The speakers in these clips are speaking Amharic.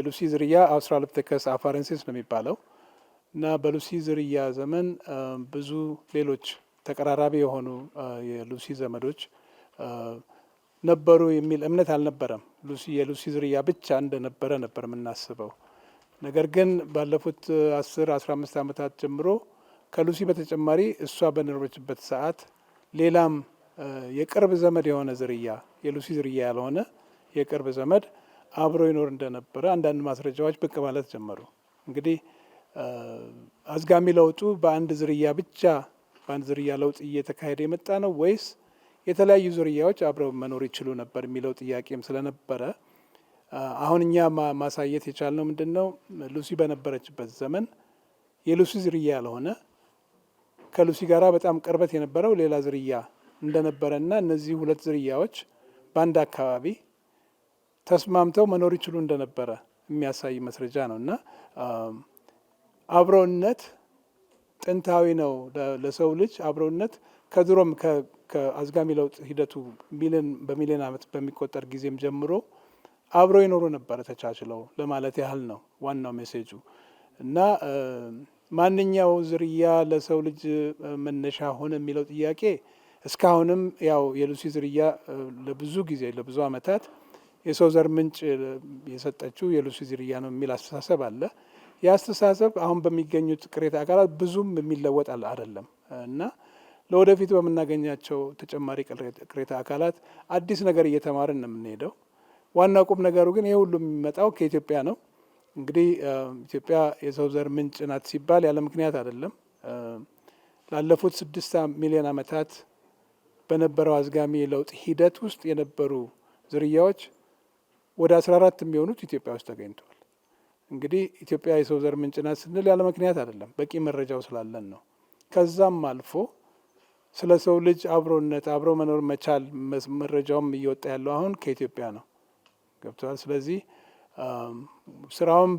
የሉሲ ዝርያ አውስትራሎፒቴከስ አፋረንሲስ ነው የሚባለው እና በሉሲ ዝርያ ዘመን ብዙ ሌሎች ተቀራራቢ የሆኑ የሉሲ ዘመዶች ነበሩ የሚል እምነት አልነበረም። ሉሲ የሉሲ ዝርያ ብቻ እንደነበረ ነበር የምናስበው። ነገር ግን ባለፉት አስር አስራ አምስት ዓመታት ጀምሮ ከሉሲ በተጨማሪ እሷ በኖረችበት ሰዓት ሌላም የቅርብ ዘመድ የሆነ ዝርያ የሉሲ ዝርያ ያልሆነ የቅርብ ዘመድ አብሮ ይኖር እንደነበረ አንዳንድ ማስረጃዎች ብቅ ማለት ጀመሩ። እንግዲህ አዝጋሚ ለውጡ በአንድ ዝርያ ብቻ በአንድ ዝርያ ለውጥ እየተካሄደ የመጣ ነው ወይስ የተለያዩ ዝርያዎች አብረው መኖር ይችሉ ነበር የሚለው ጥያቄም ስለነበረ አሁን እኛ ማሳየት የቻልነው ምንድን ነው? ሉሲ በነበረችበት ዘመን የሉሲ ዝርያ ያልሆነ ከሉሲ ጋር በጣም ቅርበት የነበረው ሌላ ዝርያ እንደነበረ እና እነዚህ ሁለት ዝርያዎች በአንድ አካባቢ ተስማምተው መኖር ይችሉ እንደነበረ የሚያሳይ መስረጃ ነው እና አብሮነት ጥንታዊ ነው ለሰው ልጅ አብሮነት ከድሮም ከአዝጋሚ ለውጥ ሂደቱ በሚሊዮን ዓመት በሚቆጠር ጊዜም ጀምሮ አብሮ ይኖሩ ነበረ ተቻችለው ለማለት ያህል ነው ዋናው ሜሴጁ እና ማንኛው ዝርያ ለሰው ልጅ መነሻ ሆነ የሚለው ጥያቄ እስካሁንም ያው የሉሲ ዝርያ ለብዙ ጊዜ ለብዙ ዓመታት የሰው ዘር ምንጭ የሰጠችው የሉሲ ዝርያ ነው የሚል አስተሳሰብ አለ። ይህ አስተሳሰብ አሁን በሚገኙት ቅሬታ አካላት ብዙም የሚለወጥ አይደለም እና ለወደፊት በምናገኛቸው ተጨማሪ ቅሬታ አካላት አዲስ ነገር እየተማርን ነው የምንሄደው። ዋና ቁም ነገሩ ግን ይህ ሁሉ የሚመጣው ከኢትዮጵያ ነው። እንግዲህ ኢትዮጵያ የሰው ዘር ምንጭ ናት ሲባል ያለ ምክንያት አይደለም። ላለፉት ስድስት ሚሊዮን ዓመታት በነበረው አዝጋሚ የለውጥ ሂደት ውስጥ የነበሩ ዝርያዎች ወደ 14 የሚሆኑት ኢትዮጵያ ውስጥ ተገኝተዋል። እንግዲህ ኢትዮጵያ የሰው ዘር ምንጭ ናት ስንል ያለ ምክንያት አይደለም፣ በቂ መረጃው ስላለን ነው። ከዛም አልፎ ስለ ሰው ልጅ አብሮነት አብሮ መኖር መቻል መረጃውም እየወጣ ያለው አሁን ከኢትዮጵያ ነው ገብተዋል። ስለዚህ ስራውን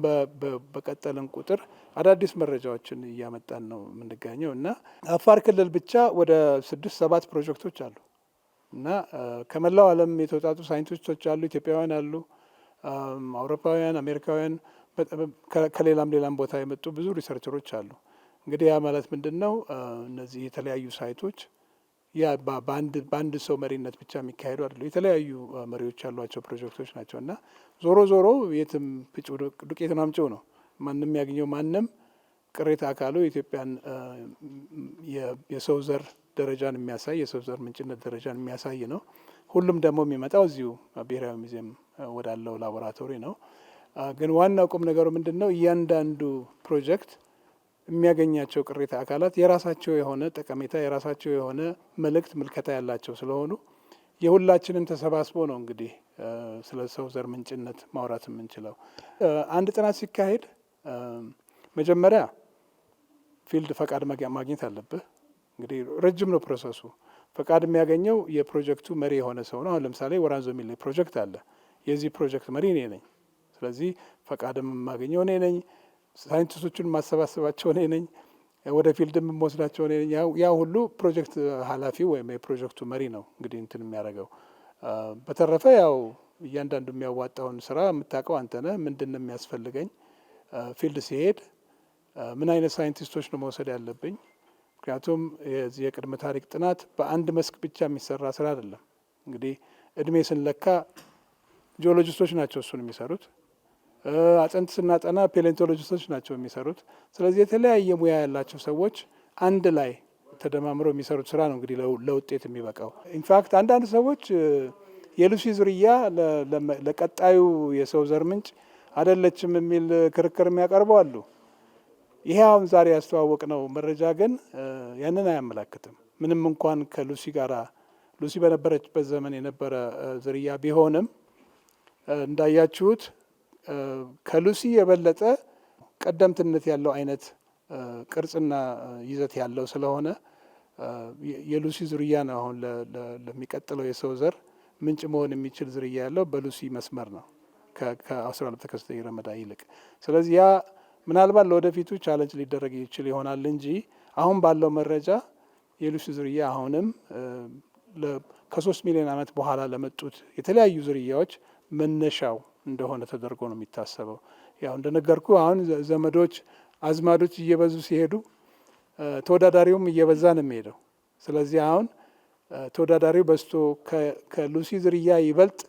በቀጠልን ቁጥር አዳዲስ መረጃዎችን እያመጣን ነው የምንገኘው እና አፋር ክልል ብቻ ወደ ስድስት ሰባት ፕሮጀክቶች አሉ። እና ከመላው ዓለም የተውጣጡ ሳይንቲስቶች አሉ፣ ኢትዮጵያውያን አሉ፣ አውሮፓውያን፣ አሜሪካውያን ከሌላም ሌላም ቦታ የመጡ ብዙ ሪሰርቸሮች አሉ። እንግዲህ ያ ማለት ምንድን ነው? እነዚህ የተለያዩ ሳይቶች ያ በአንድ ሰው መሪነት ብቻ የሚካሄዱ አይደሉ። የተለያዩ መሪዎች ያሏቸው ፕሮጀክቶች ናቸው እና ዞሮ ዞሮ የትም ፍጩ ዱቄትን አምጪው ነው። ማንም ያገኘው ማንም ቅሬታ አካሉ የኢትዮጵያን የሰው ዘር ደረጃን የሚያሳይ የሰው ዘር ምንጭነት ደረጃን የሚያሳይ ነው። ሁሉም ደግሞ የሚመጣው እዚሁ ብሔራዊ ሙዚየም ወዳለው ላቦራቶሪ ነው። ግን ዋናው ቁም ነገሩ ምንድን ነው? እያንዳንዱ ፕሮጀክት የሚያገኛቸው ቅሪተ አካላት የራሳቸው የሆነ ጠቀሜታ፣ የራሳቸው የሆነ መልእክት፣ ምልከታ ያላቸው ስለሆኑ የሁላችንም ተሰባስቦ ነው እንግዲህ ስለ ሰው ዘር ምንጭነት ማውራት የምንችለው። አንድ ጥናት ሲካሄድ መጀመሪያ ፊልድ ፈቃድ ማግኘት አለብህ። እንግዲህ ረጅም ነው ፕሮሰሱ። ፈቃድ የሚያገኘው የፕሮጀክቱ መሪ የሆነ ሰው ነው። አሁን ለምሳሌ ወራንዞ የሚል ፕሮጀክት አለ። የዚህ ፕሮጀክት መሪ እኔ ነኝ። ስለዚህ ፈቃድም የማገኘው እኔ ነኝ። ሳይንቲስቶቹን ማሰባሰባቸው እኔ ነኝ። ወደ ፊልድም የምወስዳቸው እኔ ነኝ። ያ ሁሉ ፕሮጀክት ኃላፊው ወይም የፕሮጀክቱ መሪ ነው እንግዲህ እንትን የሚያደርገው። በተረፈ ያው እያንዳንዱ የሚያዋጣውን ስራ የምታውቀው አንተነህ ምንድን ነው የሚያስፈልገኝ ፊልድ ሲሄድ ምን አይነት ሳይንቲስቶች ነው መውሰድ ያለብኝ ምክንያቱም የቅድመ ታሪክ ጥናት በአንድ መስክ ብቻ የሚሰራ ስራ አይደለም። እንግዲህ እድሜ ስንለካ ጂኦሎጂስቶች ናቸው እሱን የሚሰሩት። አጥንት ስናጠና ፔሌንቶሎጂስቶች ናቸው የሚሰሩት። ስለዚህ የተለያየ ሙያ ያላቸው ሰዎች አንድ ላይ ተደማምረው የሚሰሩት ስራ ነው እንግዲህ ለውጤት የሚበቃው። ኢንፋክት አንዳንድ ሰዎች የሉሲ ዝርያ ለቀጣዩ የሰው ዘር ምንጭ አይደለችም የሚል ክርክር የሚያቀርበው አሉ። ይሄ አሁን ዛሬ ነው መረጃ ግን ያንን አያመላክትም። ምንም እንኳን ከሉሲ ጋር ሉሲ በነበረችበት ዘመን የነበረ ዝርያ ቢሆንም እንዳያችሁት ከሉሲ የበለጠ ቀደምትነት ያለው አይነት ቅርጽና ይዘት ያለው ስለሆነ የሉሲ ዝርያ ነው አሁን ለሚቀጥለው የሰው ዘር ምንጭ መሆን የሚችል ዝርያ ያለው በሉሲ መስመር ነው ከአውስትራሎፒቴከስ ረመዳ ይልቅ ስለዚህ ያ ምናልባት ለወደፊቱ ቻለንጅ ሊደረግ ይችል ይሆናል እንጂ አሁን ባለው መረጃ የሉሲ ዝርያ አሁንም ከሶስት ሚሊዮን ዓመት በኋላ ለመጡት የተለያዩ ዝርያዎች መነሻው እንደሆነ ተደርጎ ነው የሚታሰበው። ያው እንደነገርኩ አሁን ዘመዶች አዝማዶች እየበዙ ሲሄዱ ተወዳዳሪውም እየበዛ ነው የሚሄደው። ስለዚህ አሁን ተወዳዳሪው በዝቶ ከሉሲ ዝርያ ይበልጥ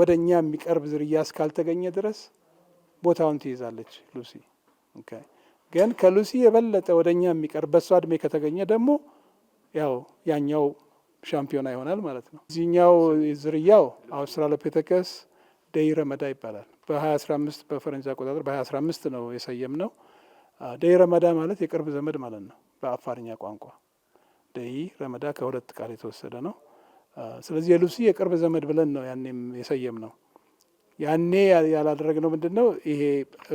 ወደ እኛ የሚቀርብ ዝርያ እስካልተገኘ ድረስ ቦታውን ትይዛለች ሉሲ። ግን ከሉሲ የበለጠ ወደ እኛ የሚቀርብ በእሷ እድሜ ከተገኘ ደግሞ ያው ያኛው ሻምፒዮና ይሆናል ማለት ነው። እዚህኛው ዝርያው አውስትራሎፒቴከስ ደይረ መዳ ይባላል። በ2015 በፈረንጅ አቆጣጠር በ2015 ነው የሰየም ነው። ደይረ መዳ ማለት የቅርብ ዘመድ ማለት ነው በአፋርኛ ቋንቋ። ደይ ረመዳ ከሁለት ቃል የተወሰደ ነው። ስለዚህ የሉሲ የቅርብ ዘመድ ብለን ነው ያኔም የሰየም ነው። ያኔ ያላደረግነው ምንድን ነው? ይሄ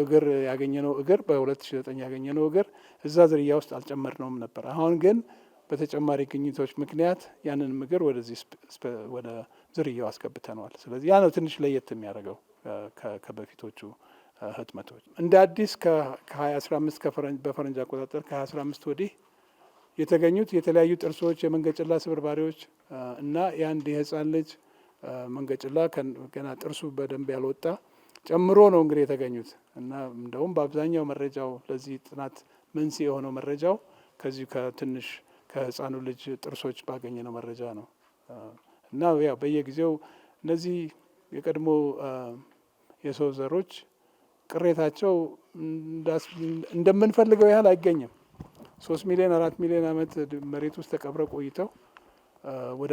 እግር ያገኘነው እግር በ2009 ያገኘነው እግር እዛ ዝርያ ውስጥ አልጨመርነውም ነበር። አሁን ግን በተጨማሪ ግኝቶች ምክንያት ያንንም እግር ወደዚህ ወደ ዝርያው አስገብተነዋል። ስለዚህ ያ ነው ትንሽ ለየት የሚያደርገው ከበፊቶቹ ህትመቶች። እንደ አዲስ ከ2015 በፈረንጅ አቆጣጠር ከ2015 ወዲህ የተገኙት የተለያዩ ጥርሶች፣ የመንገጭላ ስብርባሪዎች እና የአንድ የህፃን ልጅ መንገጭላ ገና ጥርሱ በደንብ ያልወጣ ጨምሮ ነው እንግዲህ የተገኙት እና እንደውም በአብዛኛው መረጃው ለዚህ ጥናት መንስኤ የሆነው መረጃው ከዚሁ ከትንሽ ከህፃኑ ልጅ ጥርሶች ባገኘነው መረጃ ነው እና ያው በየጊዜው እነዚህ የቀድሞ የሰው ዘሮች ቅሬታቸው እንደምንፈልገው ያህል አይገኝም። ሶስት ሚሊዮን አራት ሚሊዮን ዓመት መሬት ውስጥ ተቀብረው ቆይተው ወደ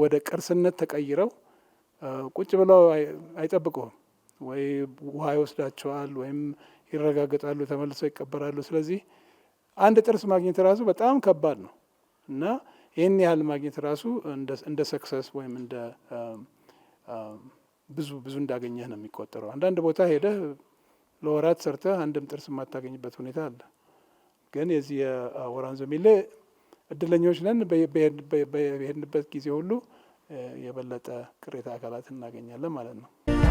ወደ ቅርስነት ተቀይረው ቁጭ ብለው አይጠብቁም ወይ ውሃ ይወስዳቸዋል ወይም ይረጋገጣሉ፣ ተመልሰው ይቀበራሉ። ስለዚህ አንድ ጥርስ ማግኘት ራሱ በጣም ከባድ ነው እና ይህን ያህል ማግኘት ራሱ እንደ ሰክሰስ ወይም እንደ ብዙ ብዙ እንዳገኘህ ነው የሚቆጠረው። አንዳንድ ቦታ ሄደህ ለወራት ሰርተህ አንድም ጥርስ የማታገኝበት ሁኔታ አለ። ግን የዚህ የወራንዞ ሚሌ እድለኞች ነን። በሄድንበት ጊዜ ሁሉ የበለጠ ቅሬታ አካላት እናገኛለን ማለት ነው።